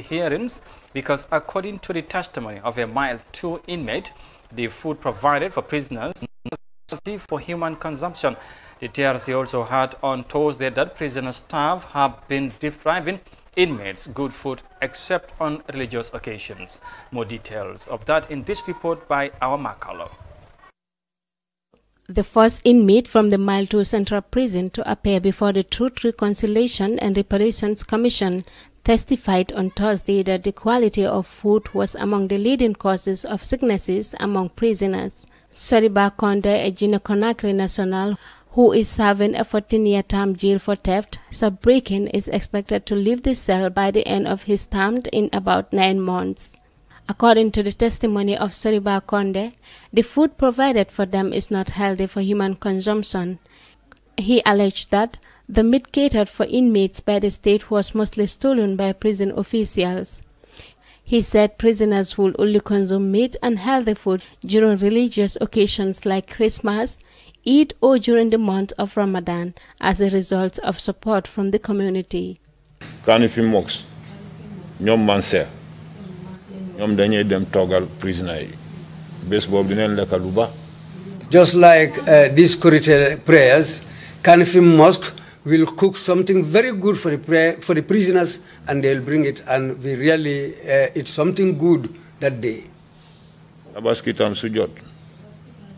hearings because according to the testimony of a mile two inmate, the food provided for prisoners for human consumption. The TRC also had on Tuesday that prisoner staff have been depriving inmates good food except on religious occasions. More details of that in this report by our Makalo. The first inmate from the Mile 2 Central Prison to appear before the Truth, Reconciliation and Reparations Commission testified on Thursday that the quality of food was among the leading causes of sicknesses among prisoners. Soriba Konde, a gina conakry national who is serving a 14-year term jail for theft, Sabrikin is expected to leave the cell by the end of his term in about nine months. According to the testimony of Soriba Konde, the food provided for them is not healthy for human consumption. He alleged that the meat catered for inmates by the state was mostly stolen by prison officials. He said prisoners would only consume meat and healthy food during religious occasions like Christmas, Eid or during the month of Ramadan as a result of support from the community. dem prisoner just like uh, these spiritual prayers Kanifi Mosque will cook something very good for the, for the prisoners and they'll bring it and we really uh, eat something good that day. Tabaski tam sujot.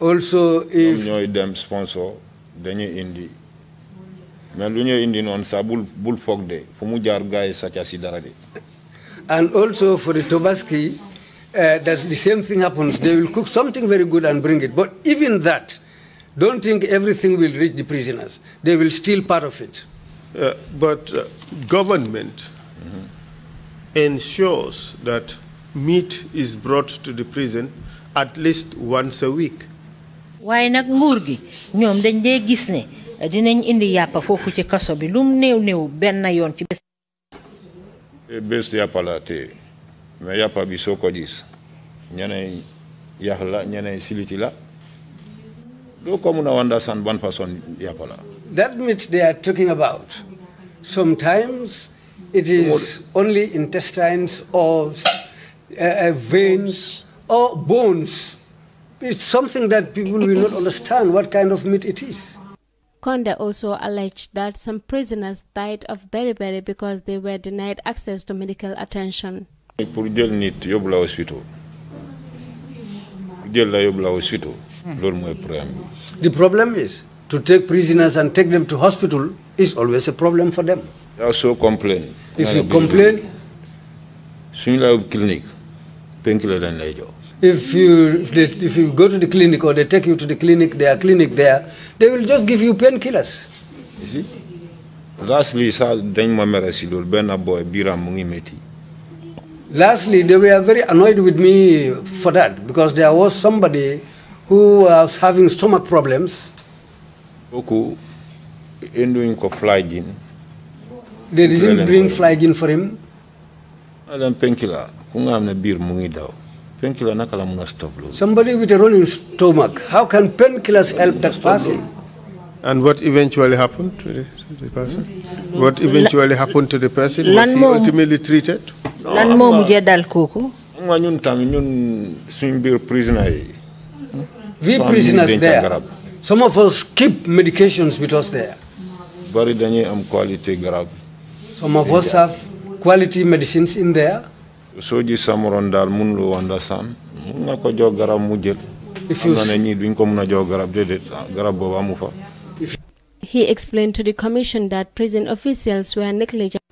Also if... ñoy dem sponsor dañuy indi mais lu ñuy indi non bul fogde fog de fu mu jaar de. And also for the Tobaski, uh, that's the same thing happens. They will cook something very good and bring it. But even that, don't think everything will reach the prisoners. They will steal part of it. Uh, but uh, government mm -hmm. ensures that meat is brought to the prison at least once a week. waaye nag nguur gi ñoom dañ dee gis ne dinañ indi yàppa foofu ci kaso bi lum néew néew benn yoon ci bés eh, bés yàppa la te mais yàppa bi soo ko gis ñeneen yax la ñeneen siliti la do come now understand one person, That which they are talking about, sometimes it is only intestines or uh, uh, veins or bones. It's something that people will not understand what kind of meat it is. Konda also alleged that some prisoners died of beriberi because they were denied access to medical attention. hospital. hospital. Hmm. the problem is to take prisoners and take them to hospital is always a problem for them. they also complain. if you complain. suñu painkiller lañ if you if, they, if you go to the clinic or they take you to the clinic, their clinic there, they will just give you painkillers. You see? Lastly, Lastly, they were very annoyed with me for that because there was somebody who uh, was having stomach problems. Beaucoup They didn't bring flagyl for him. penkila nga Penkila Somebody with a rolling stomach, how can painkillers help that person? And what eventually happened to the, to the person? Mm. What eventually happened to the person? Was he ultimately treated? Lan we prisoners there. Some of us keep medications with us there. Um, quality Some of us have quality medicines in there. So understand. If you He explained to the commission that prison officials were negligent,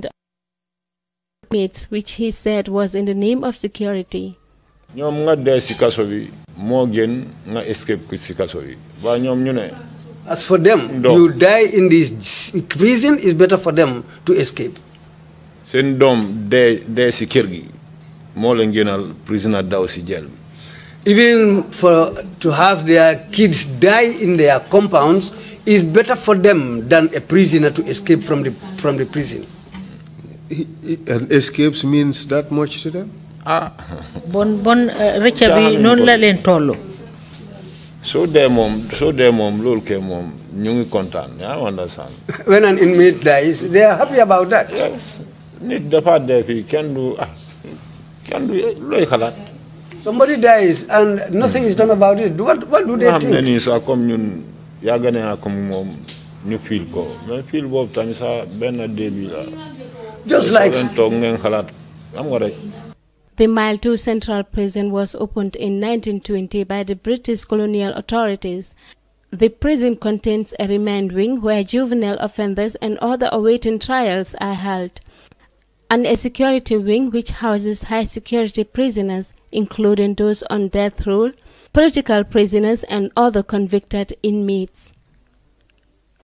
which he said was in the name of security ñoom nga dee si kaso bi moo gën nga escape si kaso bi waa ñoom ñu ne. as for them. doom you die in this prison is better for them to escape. seen doom dee dee si kër gi moo leen gënal prisoner daw si jël even for to have their kids die in their compounds is better for them than a prisoner to escape from the from the prison. And escapes means that much to them? Ah. bon bon euh, rëcca bi noonu la leen toll. So they moom so they mom, lulke mom, nyungi kontan. I understand. when an inmate dies, they are happy about that. Yes. Need the part Somebody dies and nothing is done about it. What, what do they think? kom yun, yagane akom mom, nyu feel ko. Me feel bob tani sa ben Just like. Talk ngeng halat. I'm correct. The Malto Central Prison was opened in 1920 by the British colonial authorities. The prison contains a remand wing where juvenile offenders and other awaiting trials are held, and a security wing which houses high security prisoners, including those on death row, political prisoners, and other convicted inmates.